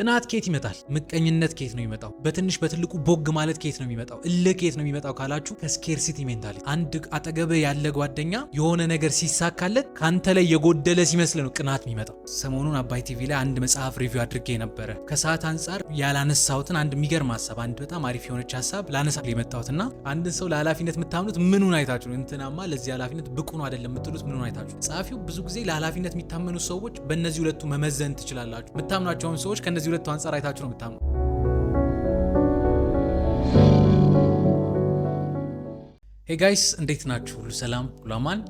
ቅናት ኬት ይመጣል? ምቀኝነት ኬት ነው የሚመጣው? በትንሽ በትልቁ ቦግ ማለት ኬት ነው የሚመጣው? እልህ ኬት ነው የሚመጣው ካላችሁ ከስኬርሲቲ ሜንታሊቲ። አንድ አጠገብህ ያለ ጓደኛ የሆነ ነገር ሲሳካለት ካንተ ላይ የጎደለ ሲመስል ነው ቅናት የሚመጣው። ሰሞኑን አባይ ቲቪ ላይ አንድ መጽሐፍ ሪቪው አድርጌ ነበረ። ከሰዓት አንጻር ያላነሳሁትን አንድ የሚገርም ሀሳብ፣ አንድ በጣም አሪፍ የሆነች ሀሳብ ላነሳ የመጣሁትና አንድን ሰው ለኃላፊነት የምታምኑት ምኑን አይታችሁ ነው? እንትናማ ለዚህ ኃላፊነት ብቁ ነው አይደለም የምትሉት ምኑን አይታችሁ? ጸሐፊው ብዙ ጊዜ ለኃላፊነት የሚታመኑ ሰዎች በእነዚህ ሁለቱ መመዘን ትችላላችሁ። የምታምኗቸውን ሰዎች ከነዚህ ከእነዚህ ሁለቱ አንጻር አይታችሁ ነው የምታምኑ። ሄ ጋይስ እንዴት ናችሁ? ሁሉ ሰላም፣ ሁሉ አማን፣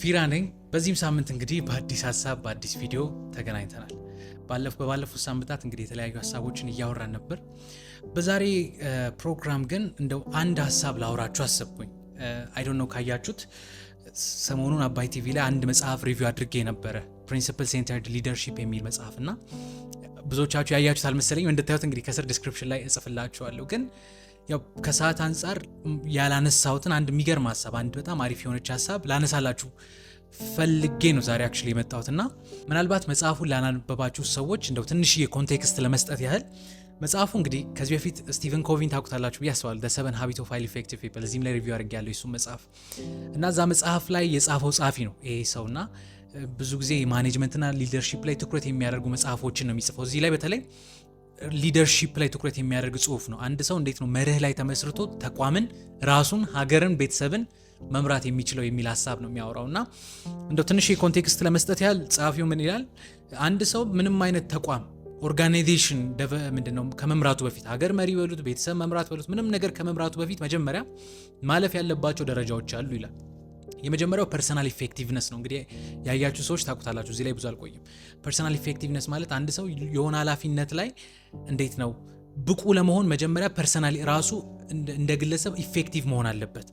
ፊራ ነኝ። በዚህም ሳምንት እንግዲህ በአዲስ ሀሳብ በአዲስ ቪዲዮ ተገናኝተናል። በባለፉት ሳምንታት እንግዲህ የተለያዩ ሀሳቦችን እያወራን ነበር። በዛሬ ፕሮግራም ግን እንደው አንድ ሀሳብ ላውራችሁ አሰብኩኝ። አይዶን ነው ካያችሁት ሰሞኑን አባይ ቲቪ ላይ አንድ መጽሐፍ ሪቪው አድርጌ ነበረ ፕሪንስፕል ሴንተርድ ሊደርሺፕ የሚል መጽሐፍ እና ብዙዎቻችሁ ያያችሁት አልመሰለኝ እንድታዩት እንግዲህ ከስር ዲስክሪፕሽን ላይ እጽፍላችኋለሁ። ግን ያው ከሰዓት አንጻር ያላነሳሁትን አንድ የሚገርም ሀሳብ፣ አንድ በጣም አሪፍ የሆነች ሀሳብ ላነሳላችሁ ፈልጌ ነው ዛሬ አክቹዋሊ የመጣሁት እና ምናልባት መጽሐፉን ላናንበባችሁ ሰዎች እንደው ትንሽዬ ኮንቴክስት ለመስጠት ያህል መጽሐፉ እንግዲህ ከዚህ በፊት ስቲቨን ኮቪን ታውቁታላችሁ ብዬ አስባለሁ። ደ ሰቨን ሀቢት ኦፍ ሃይሊ ኢፌክቲቭ ፒፕል እዚህም ላይ ሪቪው ያለው የሱን መጽሐፍ እና እዛ መጽሐፍ ላይ የጻፈው ጸሐፊ ነው ይሄ ሰው እና ብዙ ጊዜ ማኔጅመንትና ሊደርሽፕ ላይ ትኩረት የሚያደርጉ መጽሐፎችን ነው የሚጽፈው። እዚህ ላይ በተለይ ሊደርሺፕ ላይ ትኩረት የሚያደርግ ጽሁፍ ነው። አንድ ሰው እንዴት ነው መርህ ላይ ተመስርቶ ተቋምን፣ ራሱን፣ ሀገርን፣ ቤተሰብን መምራት የሚችለው የሚል ሀሳብ ነው የሚያወራው እና እንደው ትንሽ የኮንቴክስት ለመስጠት ያህል ጸሐፊው ምን ይላል? አንድ ሰው ምንም አይነት ተቋም ኦርጋናይዜሽን ምንድን ነው ከመምራቱ በፊት ሀገር መሪ በሉት ቤተሰብ መምራት በሉት ምንም ነገር ከመምራቱ በፊት መጀመሪያ ማለፍ ያለባቸው ደረጃዎች አሉ ይላል የመጀመሪያው ፐርሰናል ኢፌክቲቭነስ ነው። እንግዲህ ያያችሁ ሰዎች ታውቁታላችሁ። እዚህ ላይ ብዙ አልቆይም። ፐርሰናል ኢፌክቲቭነስ ማለት አንድ ሰው የሆነ ኃላፊነት ላይ እንዴት ነው ብቁ ለመሆን መጀመሪያ ፐርሰናል ራሱ እንደ ግለሰብ ኢፌክቲቭ መሆን አለበት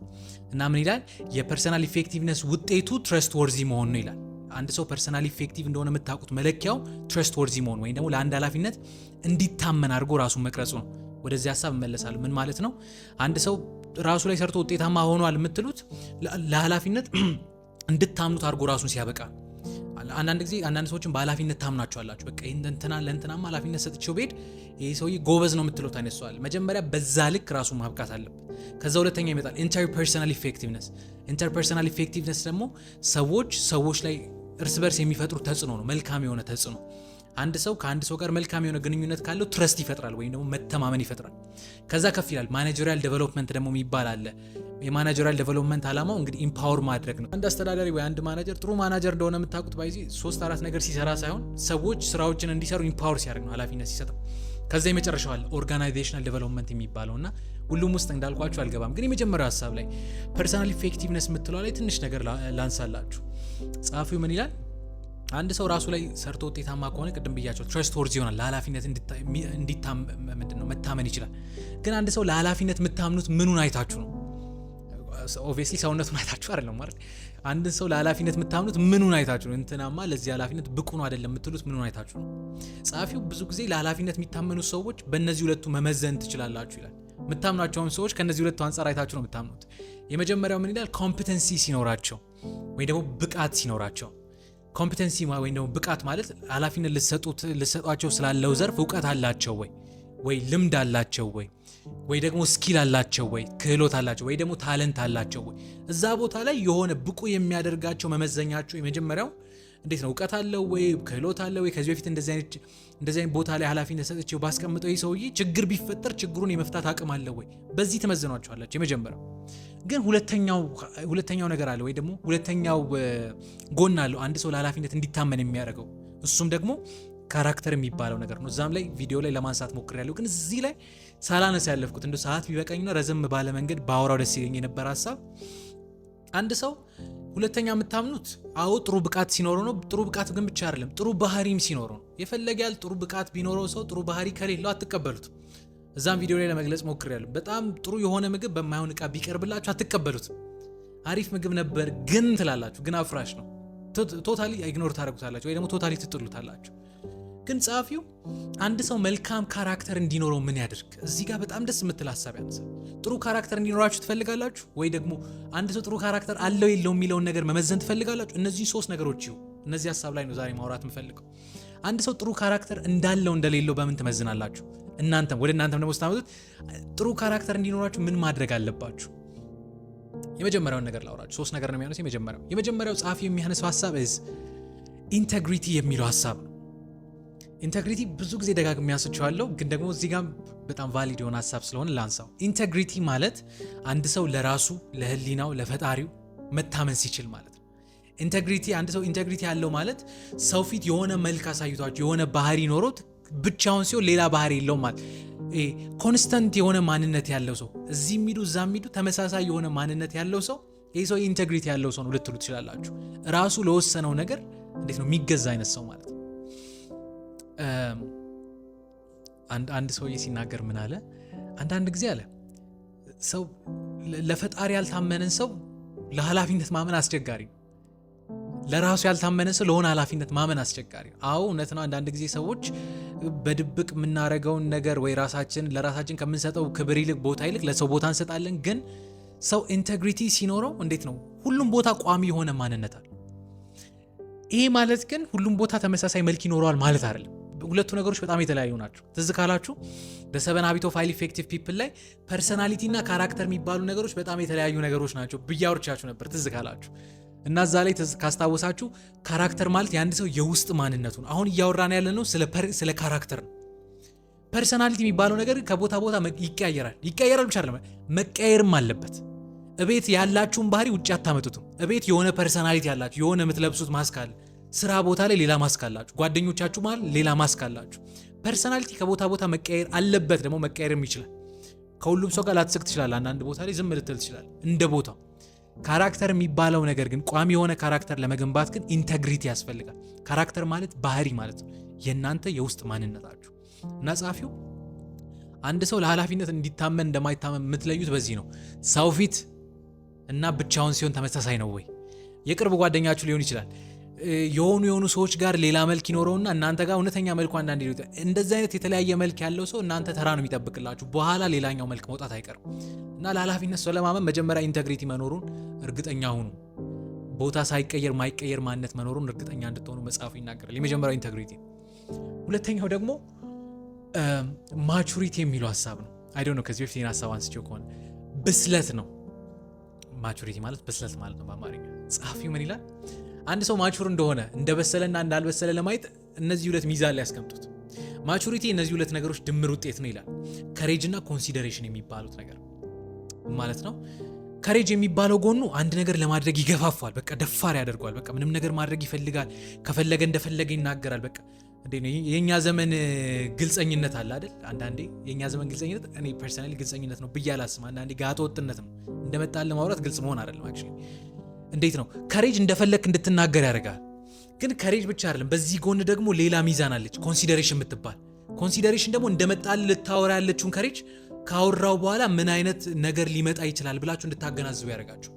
እና ምን ይላል የፐርሰናል ኢፌክቲቭነስ ውጤቱ ትረስት ወርዚ መሆን ነው ይላል። አንድ ሰው ፐርሰናል ኢፌክቲቭ እንደሆነ የምታውቁት መለኪያው ትረስት ወርዚ መሆን ወይም ደግሞ ለአንድ ኃላፊነት እንዲታመን አድርጎ ራሱን መቅረጹ ነው። ወደዚህ ሀሳብ እመለሳለሁ። ምን ማለት ነው? አንድ ሰው ራሱ ላይ ሰርቶ ውጤታማ ሆኗል የምትሉት ለኃላፊነት እንድታምኑት አድርጎ ራሱን ሲያበቃ አንዳንድ ጊዜ አንዳንድ ሰዎችን በኃላፊነት ታምናቸዋላችሁ። በቃ እንትና ለእንትናማ ኃላፊነት ሰጥቼው ቤድ ይህ ሰውዬ ጎበዝ ነው የምትለው ታነሷል። መጀመሪያ በዛ ልክ ራሱ ማብቃት አለበት። ከዛ ሁለተኛ ይመጣል ኢንተርፐርሰናል ኢፌክቲቭነስ። ኢንተርፐርሰናል ኢፌክቲቭነስ ደግሞ ሰዎች ሰዎች ላይ እርስ በርስ የሚፈጥሩ ተጽዕኖ ነው፣ መልካም የሆነ ተጽዕኖ አንድ ሰው ከአንድ ሰው ጋር መልካም የሆነ ግንኙነት ካለው ትረስት ይፈጥራል ወይም ደግሞ መተማመን ይፈጥራል። ከዛ ከፍ ይላል። ማናጀሪያል ዴቨሎፕመንት ደግሞ የሚባል አለ። የማናጀሪያል ዴቨሎፕመንት ዓላማው እንግዲህ ኢምፓወር ማድረግ ነው። አንድ አስተዳዳሪ ወይ አንድ ማናጀር ጥሩ ማናጀር እንደሆነ የምታውቁት ባይዚ ሶስት አራት ነገር ሲሰራ ሳይሆን ሰዎች ስራዎችን እንዲሰሩ ኢምፓወር ሲያደርግ ነው፣ ኃላፊነት ሲሰጠው። ከዛ የመጨረሻው አለ ኦርጋናይዜሽናል ዴቨሎፕመንት የሚባለው እና ሁሉም ውስጥ እንዳልኳችሁ አልገባም፣ ግን የመጀመሪያው ሀሳብ ላይ ፐርሰናል ኢፌክቲቭነስ የምትለው ላይ ትንሽ ነገር ላንሳላችሁ። ጸሐፊው ምን ይላል? አንድ ሰው ራሱ ላይ ሰርቶ ውጤታማ ከሆነ ቅድም ብያቸው ትረስት ወርዝ ይሆናል። ለኃላፊነት ምንድነው መታመን ይችላል። ግን አንድ ሰው ለሀላፊነት የምታምኑት ምኑን አይታችሁ ነው? ኦብቪየስሊ ሰውነቱን አይታችሁ አይደለም ማለት አንድ ሰው ለሀላፊነት የምታምኑት ምኑን አይታችሁ ነው? እንትናማ ለዚህ ኃላፊነት ብቁ ነው አይደለም የምትሉት ምኑን አይታችሁ ነው? ጸሐፊው ብዙ ጊዜ ለሀላፊነት የሚታመኑ ሰዎች በእነዚህ ሁለቱ መመዘን ትችላላችሁ ይላል። የምታምኗቸውን ሰዎች ከእነዚህ ሁለቱ አንጻር አይታችሁ ነው የምታምኑት። የመጀመሪያው ምን ይላል? ኮምፒተንሲ ሲኖራቸው ወይ ደግሞ ብቃት ሲኖራቸው ኮምፒተንሲ ወይም ደግሞ ብቃት ማለት ኃላፊነት ልሰጧቸው ስላለው ዘርፍ እውቀት አላቸው ወይ ወይ ልምድ አላቸው ወይ ወይ ደግሞ ስኪል አላቸው ወይ ክህሎት አላቸው ወይ ደግሞ ታለንት አላቸው ወይ እዛ ቦታ ላይ የሆነ ብቁ የሚያደርጋቸው መመዘኛቸው የመጀመሪያው እንዴት ነው እውቀት አለው ወይ ክህሎት አለው ወይ ከዚህ በፊት እንደዚህ አይነት እንደዚህ አይነት ቦታ ላይ ኃላፊነት ሰጥቼው ባስቀምጠው ይህ ሰውዬ ችግር ቢፈጠር ችግሩን የመፍታት አቅም አለው ወይ? በዚህ ትመዝኗቸዋላችሁ። የመጀመሪያው ግን ሁለተኛው ሁለተኛው ነገር አለ ወይ ደግሞ ሁለተኛው ጎን አለው አንድ ሰው ለኃላፊነት እንዲታመን የሚያደርገው እሱም ደግሞ ካራክተር የሚባለው ነገር ነው። እዛም ላይ ቪዲዮ ላይ ለማንሳት ሞክሬያለሁ፣ ግን እዚህ ላይ ሳላነስ ያለፍኩት እንደ ሰዓት ቢበቃኝና ረዘም ባለ መንገድ በአውራው ደስ ይለኝ የነበረ ሀሳብ አንድ ሰው ሁለተኛ የምታምኑት አዎ ጥሩ ብቃት ሲኖረው ነው። ጥሩ ብቃት ግን ብቻ አይደለም፣ ጥሩ ባህሪም ሲኖረው ነው። የፈለገ ያህል ጥሩ ብቃት ቢኖረው ሰው ጥሩ ባህሪ ከሌለው አትቀበሉት እዛም ቪዲዮ ላይ ለመግለጽ ሞክሬያለሁ። በጣም ጥሩ የሆነ ምግብ በማይሆን እቃ ቢቀርብላችሁ አትቀበሉትም። አሪፍ ምግብ ነበር ግን ትላላችሁ፣ ግን አፍራሽ ነው። ቶታሊ ኢግኖር ታደርጉታላችሁ ወይ ደግሞ ቶታሊ ትጥሉታላችሁ። ግን ጸሐፊው አንድ ሰው መልካም ካራክተር እንዲኖረው ምን ያድርግ? እዚህ ጋር በጣም ደስ የምትል ሀሳብ ያነሳል። ጥሩ ካራክተር እንዲኖራችሁ ትፈልጋላችሁ ወይ ደግሞ አንድ ሰው ጥሩ ካራክተር አለው የለው የሚለውን ነገር መመዘን ትፈልጋላችሁ? እነዚህ ሶስት ነገሮች ይሁ እነዚህ ሀሳብ ላይ ነው ዛሬ ማውራት የምፈልገው። አንድ ሰው ጥሩ ካራክተር እንዳለው እንደሌለው በምን ትመዝናላችሁ? እናንተም ወደ እናንተም ደግሞ ስታመጡት ጥሩ ካራክተር እንዲኖራችሁ ምን ማድረግ አለባችሁ? የመጀመሪያውን ነገር ላውራችሁ። ሶስት ነገር ነው የሚያነሱ። የመጀመሪያው የመጀመሪያው ጸሐፊ የሚያነሳው ሀሳብ ኢንተግሪቲ የሚለው ሀሳብ ነው። ኢንተግሪቲ ብዙ ጊዜ ደጋግሜ ያስቸዋለሁ፣ ግን ደግሞ እዚህ ጋር በጣም ቫሊድ የሆነ ሀሳብ ስለሆነ ላንሳው። ኢንተግሪቲ ማለት አንድ ሰው ለራሱ ለህሊናው፣ ለፈጣሪው መታመን ሲችል ማለት ነው። ኢንተግሪቲ አንድ ሰው ኢንተግሪቲ ያለው ማለት ሰው ፊት የሆነ መልክ አሳይቷቸው የሆነ ባህሪ ኖሮት ብቻውን ሲሆን ሌላ ባህሪ የለውም ማለት ኮንስተንት የሆነ ማንነት ያለው ሰው እዚህ የሚዱ እዛ የሚዱ ተመሳሳይ የሆነ ማንነት ያለው ሰው ይህ ሰው ኢንተግሪቲ ያለው ሰው ነው ልትሉ ትችላላችሁ። ራሱ ለወሰነው ነገር እንዴት ነው የሚገዛ አይነት ሰው ማለት አንድ ሰውዬ ሲናገር ምን አለ? አንዳንድ ጊዜ አለ ሰው ለፈጣሪ ያልታመነን ሰው ለሀላፊነት ማመን አስቸጋሪ ለራሱ ያልታመነ ሰው ለሆነ ኃላፊነት ማመን አስቸጋሪ አዎ እውነት ነው። አንዳንድ ጊዜ ሰዎች በድብቅ የምናደርገውን ነገር ወይ ራሳችን ለራሳችን ከምንሰጠው ክብር ይልቅ ቦታ ይልቅ ለሰው ቦታ እንሰጣለን። ግን ሰው ኢንቴግሪቲ ሲኖረው እንዴት ነው ሁሉም ቦታ ቋሚ የሆነ ማንነት አለ። ይሄ ማለት ግን ሁሉም ቦታ ተመሳሳይ መልክ ይኖረዋል ማለት አይደለም። ሁለቱ ነገሮች በጣም የተለያዩ ናቸው። ትዝ ካላችሁ በሰቨን ሀቢት ኦፍ ሃይሊ ኢፌክቲቭ ፒፕል ላይ ፐርሰናሊቲ እና ካራክተር የሚባሉ ነገሮች በጣም የተለያዩ ነገሮች ናቸው ብያወርቻችሁ ነበር ትዝ ካላችሁ እና እዛ ላይ ካስታወሳችሁ ካራክተር ማለት የአንድ ሰው የውስጥ ማንነቱ ነው። አሁን እያወራን ያለ ነው ስለ ካራክተር ነው። ፐርሰናሊቲ የሚባለው ነገር ከቦታ ቦታ ይቀያየራል። ይቀያየራል ብቻ አይደለም አለበት። እቤት ያላችሁን ባህሪ ውጭ አታመጡትም። እቤት የሆነ ፐርሰናሊቲ ያላችሁ የሆነ የምትለብሱት ማስክ አለ ስራ ቦታ ላይ ሌላ ማስክ አላችሁ፣ ጓደኞቻችሁ መሃል ሌላ ማስክ አላችሁ። ፐርሰናሊቲ ከቦታ ቦታ መቀየር አለበት፣ ደግሞ መቀየርም ይችላል። ከሁሉም ሰው ጋር ላትስቅ ትችላል። አንዳንድ ቦታ ላይ ዝም ልትል ትችላል፣ እንደ ቦታው። ካራክተር የሚባለው ነገር ግን ቋሚ የሆነ ካራክተር ለመገንባት ግን ኢንተግሪቲ ያስፈልጋል። ካራክተር ማለት ባህሪ ማለት ነው፣ የእናንተ የውስጥ ማንነታችሁ እና ጸሐፊው አንድ ሰው ለኃላፊነት እንዲታመን እንደማይታመን የምትለዩት በዚህ ነው። ሰው ፊት እና ብቻውን ሲሆን ተመሳሳይ ነው ወይ? የቅርብ ጓደኛችሁ ሊሆን ይችላል የሆኑ የሆኑ ሰዎች ጋር ሌላ መልክ ይኖረውና እናንተ ጋር እውነተኛ መልኩ አንዳንድ ሄዱ። እንደዚህ አይነት የተለያየ መልክ ያለው ሰው እናንተ ተራ ነው የሚጠብቅላችሁ። በኋላ ሌላኛው መልክ መውጣት አይቀርም እና ለኃላፊነት ሰው ለማመን መጀመሪያ ኢንተግሪቲ መኖሩን እርግጠኛ ሁኑ። ቦታ ሳይቀየር ማይቀየር ማንነት መኖሩን እርግጠኛ እንድትሆኑ መጽሐፉ ይናገራል። የመጀመሪያው ኢንተግሪቲ፣ ሁለተኛው ደግሞ ማቹሪቲ የሚለው ሀሳብ ነው። አይ ነው ከዚህ በፊት ሀሳብ አንስቼው ከሆነ ብስለት ነው። ማቹሪቲ ማለት ብስለት ማለት ነው በአማርኛ ጸሐፊው ምን ይላል? አንድ ሰው ማቹር እንደሆነ እንደበሰለና እንዳልበሰለ ለማየት እነዚህ ሁለት ሚዛን ላይ ያስቀምጡት። ማቹሪቲ እነዚህ ሁለት ነገሮች ድምር ውጤት ነው ይላል። ከሬጅ እና ኮንሲደሬሽን የሚባሉት ነገር ማለት ነው። ከሬጅ የሚባለው ጎኑ አንድ ነገር ለማድረግ ይገፋፋል። በቃ ደፋር ያደርጓል። በቃ ምንም ነገር ማድረግ ይፈልጋል። ከፈለገ እንደፈለገ ይናገራል። በቃ የእኛ ዘመን ግልፀኝነት አለ አይደል? አንዳንዴ የእኛ ዘመን ግልጸኝነት እኔ ፐርሰናል ግልጸኝነት ነው ብዬ አላስብም። አንዳንዴ ጋጠ ወጥነት ነው። እንደመጣለ ማውራት ግልጽ መሆን አይደለም አክቹዋሊ እንዴት ነው ከሬጅ እንደፈለክ እንድትናገር ያደርጋል። ግን ከሬጅ ብቻ አይደለም። በዚህ ጎን ደግሞ ሌላ ሚዛን አለች፣ ኮንሲደሬሽን የምትባል ኮንሲደሬሽን ደግሞ እንደመጣል ልታወራ ያለችውን ከሬጅ ካወራው በኋላ ምን አይነት ነገር ሊመጣ ይችላል ብላችሁ እንድታገናዝቡ ያደርጋችሁ።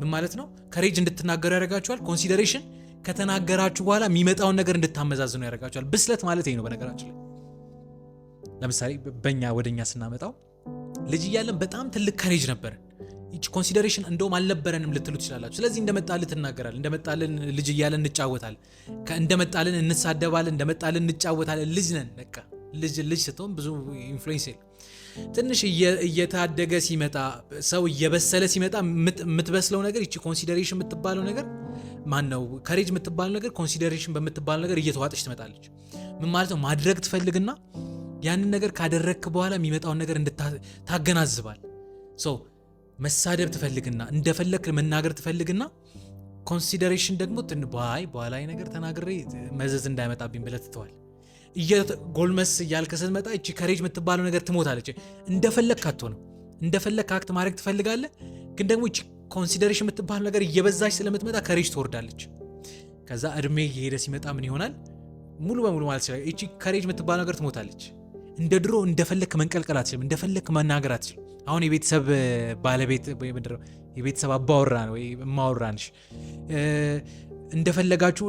ምን ማለት ነው? ከሬጅ እንድትናገሩ ያደርጋችኋል። ኮንሲደሬሽን ከተናገራችሁ በኋላ የሚመጣውን ነገር እንድታመዛዝኑ ያደርጋችኋል። ብስለት ማለት ይሄ ነው። በነገራችን ላይ ለምሳሌ በእኛ ወደኛ ስናመጣው ልጅ እያለን በጣም ትልቅ ከሬጅ ነበር ይቺ ኮንሲደሬሽን እንደውም አልነበረንም ልትሉ ትችላላችሁ። ስለዚህ እንደመጣልን ትናገራል፣ እንደመጣልን ልጅ እያለን እንጫወታል፣ እንደመጣልን እንሳደባለን፣ እንደመጣልን እንጫወታለን። ልጅ ነን በቃ ልጅ ልጅ ስትሆን ብዙ ኢንፍሉዌንስ የለ። ትንሽ እየታደገ ሲመጣ ሰው እየበሰለ ሲመጣ የምትበስለው ነገር ይቺ ኮንሲደሬሽን የምትባለው ነገር ማን ነው ከሬጅ የምትባለው ነገር ኮንሲደሬሽን በምትባለው ነገር እየተዋጠች ትመጣለች። ምን ማለት ነው? ማድረግ ትፈልግና ያንን ነገር ካደረግክ በኋላ የሚመጣውን ነገር እንድታገናዝባል መሳደብ ትፈልግና እንደፈለክ መናገር ትፈልግና ኮንሲደሬሽን ደግሞ ትንባይ በኋላዊ ነገር ተናግሬ መዘዝ እንዳይመጣብኝ ብለህ ትተዋል። ጎልመስ እያልክ ስትመጣ እቺ ከሬጅ የምትባለው ነገር ትሞታለች። እንደፈለክ ነው እንደፈለክ አክት ማድረግ ትፈልጋለህ፣ ግን ደግሞ እቺ ኮንሲደሬሽን የምትባለው ነገር እየበዛች ስለምትመጣ ከሬጅ ትወርዳለች። ከዛ እድሜ እየሄደ ሲመጣ ምን ይሆናል? ሙሉ በሙሉ ማለት ይችላል። እቺ ከሬጅ የምትባለው ነገር ትሞታለች። እንደ ድሮ እንደፈለክ መንቀልቀል አትችልም። እንደፈለክ መናገር አትችልም። አሁን የቤተሰብ ባለቤት የቤተሰብ አባወራ ወይ እማወራ ነሽ። እንደፈለጋችሁ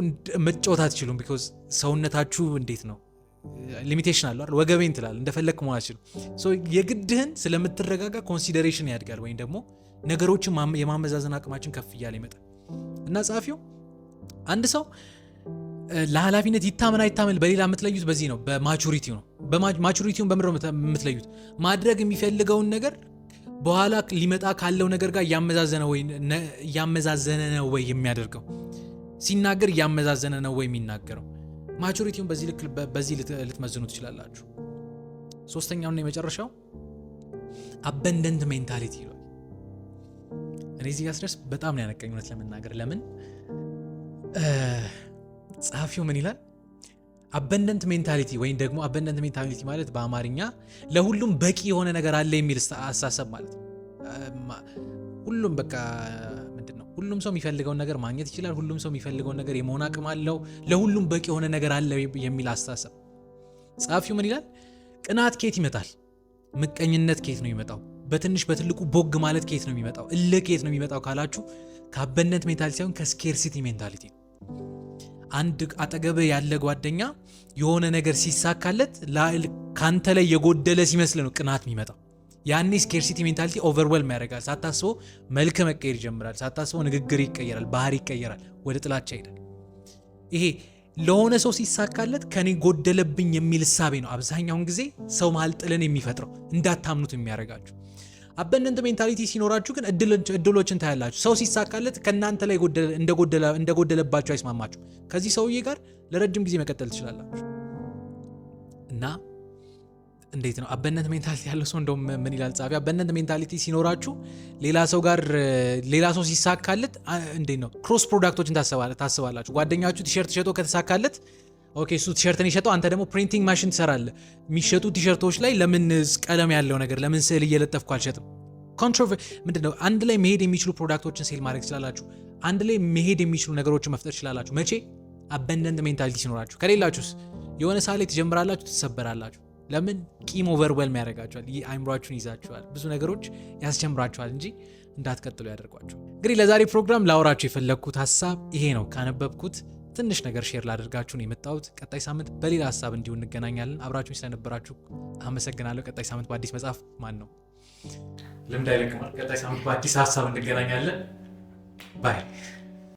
መጫወት አትችሉም። ቢኮዝ ሰውነታችሁ እንዴት ነው ሊሚቴሽን አለ አይደል? ወገቤን ትላል እንደፈለግ መሆን አትችሉም። የግድህን ስለምትረጋጋ ኮንሲደሬሽን ያድጋል፣ ወይም ደግሞ ነገሮችን የማመዛዘን አቅማችን ከፍ እያለ ይመጣል እና ጸሐፊው አንድ ሰው ለኃላፊነት ይታመን አይታመን በሌላ የምትለዩት በዚህ ነው፣ በማቹሪቲው ነው። ማቹሪቲውን በምድ የምትለዩት ማድረግ የሚፈልገውን ነገር በኋላ ሊመጣ ካለው ነገር ጋር እያመዛዘነ ነው ወይ የሚያደርገው ሲናገር እያመዛዘነ ነው ወይ የሚናገረው። ማቹሪቲውን በዚህ ልክ በዚህ ልትመዝኑ ትችላላችሁ። ሶስተኛውና የመጨረሻው አበንደንት ሜንታሊቲ ይሏል። እኔ እዚህ ጋር ስደርስ በጣም ነው ያነቀኝ እውነት ለመናገር ለምን ጸሐፊው ምን ይላል? አበንደንት ሜንታሊቲ ወይም ደግሞ አበንደንት ሜንታሊቲ ማለት በአማርኛ ለሁሉም በቂ የሆነ ነገር አለ የሚል አሳሰብ ማለት ሁሉም በቃ ምንድን ነው ሁሉም ሰው የሚፈልገውን ነገር ማግኘት ይችላል። ሁሉም ሰው የሚፈልገውን ነገር የመሆን አቅም አለው። ለሁሉም በቂ የሆነ ነገር አለ የሚል አሳሰብ ጸሐፊው ምን ይላል? ቅናት ኬት ይመጣል? ምቀኝነት ኬት ነው የሚመጣው? በትንሽ በትልቁ ቦግ ማለት ኬት ነው የሚመጣው? እልህ ኬት ነው የሚመጣው ካላችሁ ከአበነት ሜንታሊቲ ሳይሆን ከስኬርሲቲ ሜንታሊቲ ነው። አንድ አጠገብህ ያለ ጓደኛ የሆነ ነገር ሲሳካለት ካንተ ላይ የጎደለ ሲመስል ነው ቅናት የሚመጣው። ያኔ ስኬርሲቲ ሜንታሊቲ ኦቨርዌልም ያደርጋል። ሳታስበው መልክ መቀየር ይጀምራል። ሳታስበው ንግግር ይቀየራል፣ ባህሪ ይቀየራል፣ ወደ ጥላቻ ይሄዳል። ይሄ ለሆነ ሰው ሲሳካለት ከኔ ጎደለብኝ የሚል እሳቤ ነው አብዛኛውን ጊዜ ሰው መሀል ጥልን የሚፈጥረው እንዳታምኑት የሚያደርጋችሁ አበንደንት ሜንታሊቲ ሲኖራችሁ ግን እድሎችን ታያላችሁ። ሰው ሲሳካለት ከእናንተ ላይ እንደጎደለባችሁ አይስማማችሁ። ከዚህ ሰውዬ ጋር ለረጅም ጊዜ መቀጠል ትችላላችሁ። እና እንዴት ነው አበነንት ሜንታሊቲ ያለው ሰው እንደውም ምን ይላል ጻፊ፣ አበነንት ሜንታሊቲ ሲኖራችሁ ሌላ ሰው ጋር ሌላ ሰው ሲሳካለት እንዴት ነው ክሮስ ፕሮዳክቶችን ታስባላችሁ። ጓደኛችሁ ቲሸርት ሸጦ ከተሳካለት ኦኬ እሱ ቲሸርትን የሸጠው አንተ ደግሞ ፕሪንቲንግ ማሽን ትሰራለህ። የሚሸጡ ቲሸርቶች ላይ ለምን ቀለም ያለው ነገር ለምን ስዕል እየለጠፍኩ አልሸጥም? ኮንትሮቨ ምንድነው? አንድ ላይ መሄድ የሚችሉ ፕሮዳክቶችን ሴል ማድረግ ትችላላችሁ። አንድ ላይ መሄድ የሚችሉ ነገሮችን መፍጠር ትችላላችሁ። መቼ አበንደንት ሜንታሊቲ ሲኖራችሁ። ከሌላችሁስ የሆነ ሰዓት ላይ ትጀምራላችሁ፣ ትሰበራላችሁ። ለምን ቂም ኦቨርዌልም ያደርጋችኋል። ይህ አይምሯችሁን ይዛችኋል። ብዙ ነገሮች ያስጀምራችኋል እንጂ እንዳትቀጥሉ ያደርጓችሁ። እንግዲህ ለዛሬ ፕሮግራም ላወራችሁ የፈለግኩት ሀሳብ ይሄ ነው ካነበብኩት ትንሽ ነገር ሼር ነው የመጣሁት። ቀጣይ ሳምንት በሌላ ሀሳብ እንዲሁ እንገናኛለን። አብራችሁን ስለነበራችሁ አመሰግናለሁ። ቀጣይ ሳምንት በአዲስ መጽሐፍ ማን ነው ልምድ አይለቅማል። ቀጣይ ሳምንት በአዲስ ሀሳብ እንገናኛለን። ባይ